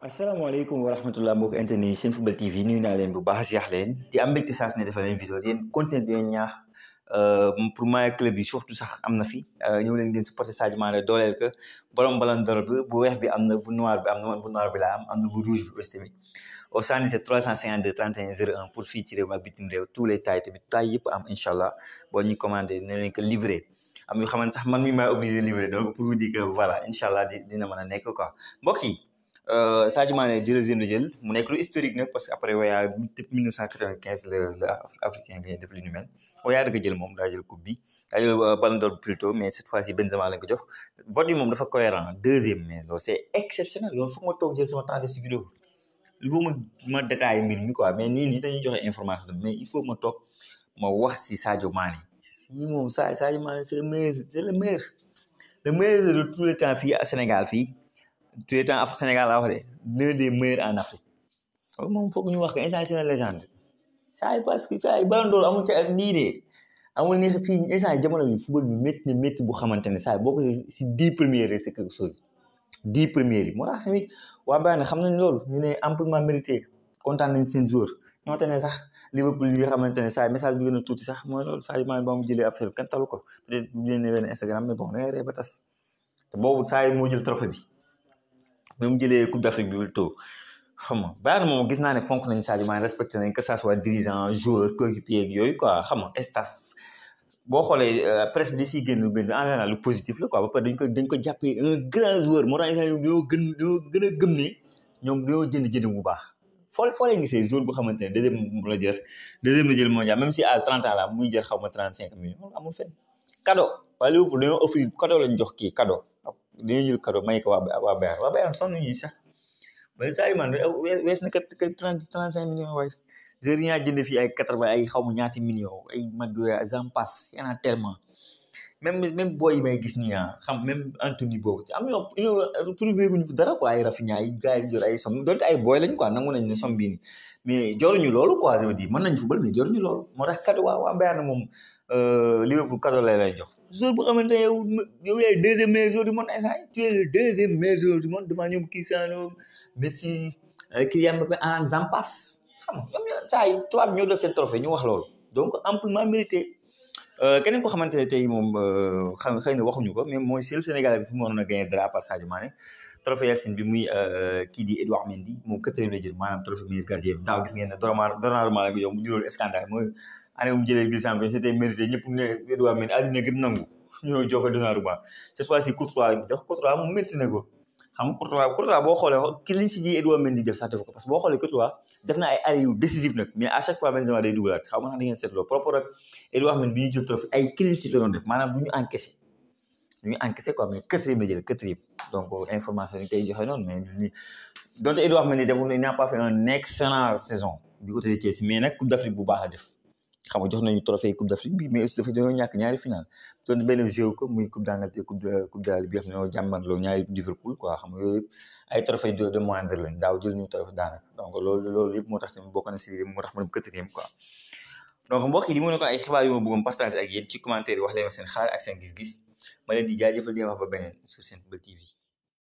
asalaamaaleykum wa rahmatulah mbokk internet yi seen football TV nuyu naa leen bu baax si leen di am mbégte saa su ne vidéo di leen continuer di leen ñaax euh, pour maay club yi surtout sax am na fi euh, ñëw leen di leen supporter Sadio Mané dooleel ko borom ballon d'or bi bu weex bi am na bu noir bi am na bu noir bi laa am am na bu rouge bi aussi tamit au 77 352 31 01 pour fii ci réew mi ak bitim tous les tailles tamit taille yëpp am incha allah boo ñu commandé ne leen ko am yoo sax man mi maa obligé livré a nekk quoi mbokk Euh, Sadio Mané deuxième la jël mu nekk lu historique nag parce que après Weah depuis 1995 la la africain bi def li ñu mel Weah da jël moom daa jël coupe bi daa jël euh, ballon d'or plutôt mais cette fois ci Benzema lañ ko jox vote moom dafa cohérent deuxième mais loolu c' est exceptionnel loolu foog ma toog jël sama temps si vidéo il faut ma ma détaillé mi quoi mais nii nii dañuy joxe information mais il faut ma toog ma wax si Sadio Mané ñi moom Sadio Mané c' est le meilleur le temps fii à fii tu étant af Sénégal laa wax de l'un des meilleurs en Afrique loolu moom foog ñu wax que instant c'est une légende saa yi parce que saa yi ballon d'or amul ca nii de amul ni fii instant yi jamono bi football bi métti na métti bu xamante ne saa si dix premières rek c'est quelque chose dix premières yi moo tax tamit waa Bayern xam nañ loolu ñu ne amplement mérité kontaan nañ seen joueur ñoo te ne sax Liverpool yi nga xamante ne saa message bi gën a tuuti sax mooy loolu Sadio Mané ba mu jëlee affaire bi kenn peut être bu Instagram mais bon da ngay ree ba tas te boobu jël trophée bi ba jële jëlee Coupe d'Afrique bi tôt xam nga Bayern moom gis naa ne fonk nañ Sadio Mané respecté nañ ko sa soit dirigeant joueur coéquipier ak yooyu quoi xam nga staff boo xoolee euh, presse bi di siy génn benn en général lu positif ko dañ ko jàppee un grand joueur moo tax ñoom ñoo gën gën a gëm ne ñoom ñoo jënd jënd bu baax. foo foo leen gisee jour bu xamante ne deuxième la jër jël si à 30 ans muy jër xaw ma 35 millions amul fenn cadeau waa Liverpool dañoo offrir cadeau lañ jox kii cadeau. dañoo ka cadeau may ko waa waa Bayern waa Bayern sonn ñi sax mais Sadio Mané wees na kat trente trente cinq millions waaye jëriñ ñaa jënd fii ay quatre vingt ay xaw ma ñaati millions ay mag yooyu j'en passe y en a tellement même même booy yi may gis nii ah xam même boobu am ñoo ñoo prouvé guñu dara quoi ay Rafinha ay gars yi lañ quoi nangu nañ ne somme bii mais joruñu loolu quoi je veux dire mën nañu football loolu moo tax cadeau waa waa Bayern moom euh, Liverpool cadeau lay lay jox. jour bu xamante ne yow yow yaay deuxième meilleur joueur du monde instant yi tu es le mais meilleur joueur du monde devant ñoom Cristiano Messi euh, Kylian Mbappé en j'en passe xam nga ñoom ñoo saa yi tubaab ñoo def seen trophée ñu wax loolu donc amplement mérité. Euh, keneen ko xamante ne tey moom euh, xam xëy na waxuñu ko mais mooy seul Sénégalais bi fi mu na a gagné Sadio Mané trophée Yacine bi muy euh, kii di Edouard Mendy moom daaw gis ngeen ne Donnarumma la ko yow mu juróol scandale mooy année mu jëlee Ligue des Champions c'était mérité ñëpp ne Edouard Mendy àddina gëpp nangu ñoo jox ko Donnarumma cette fois ci Courtois lañ ko jox Courtois ko xam nga Courtois Courtois boo xoolee ki liñ si ji Edouard Mendy def sax def parce que boo xoolee Courtois def na ay arrêt yu décisif nag mais à chaque fois Benzema day dugalaat xaw ma na da ngeen seetloo propre rek Edouard Mendy bi ñuy jël trophée ay clean sheet doon def maanaam du ñu encaissé du ñu encaissé quoi mais quatrième la jël quatrième donc euh, information yi tey joxe noonu mais ñu donte Edouard Mendy deful il n'a pas fait un excellent saison du côté baax la xam nga jox nañu trophée coupe d'Afrique bi mais dafa dañoo ñàkk ñaari final ton benn ko muy coupe d'Angleterre coupe de coupe bi xam ne ñoo jàmbarloo ñaari ñu trophée daanaka donc loolu yëpp moo tax tamit na si moo tax mu dem quatrième quoi donc mbokk yi di mu ne ko ay xibaar yu ma bëggoon partager ak ci commentaire wax leen ma seen xalaat ak seen gis-gis ma leen di jaajëfal di wax ba beneen sur Senfootball TV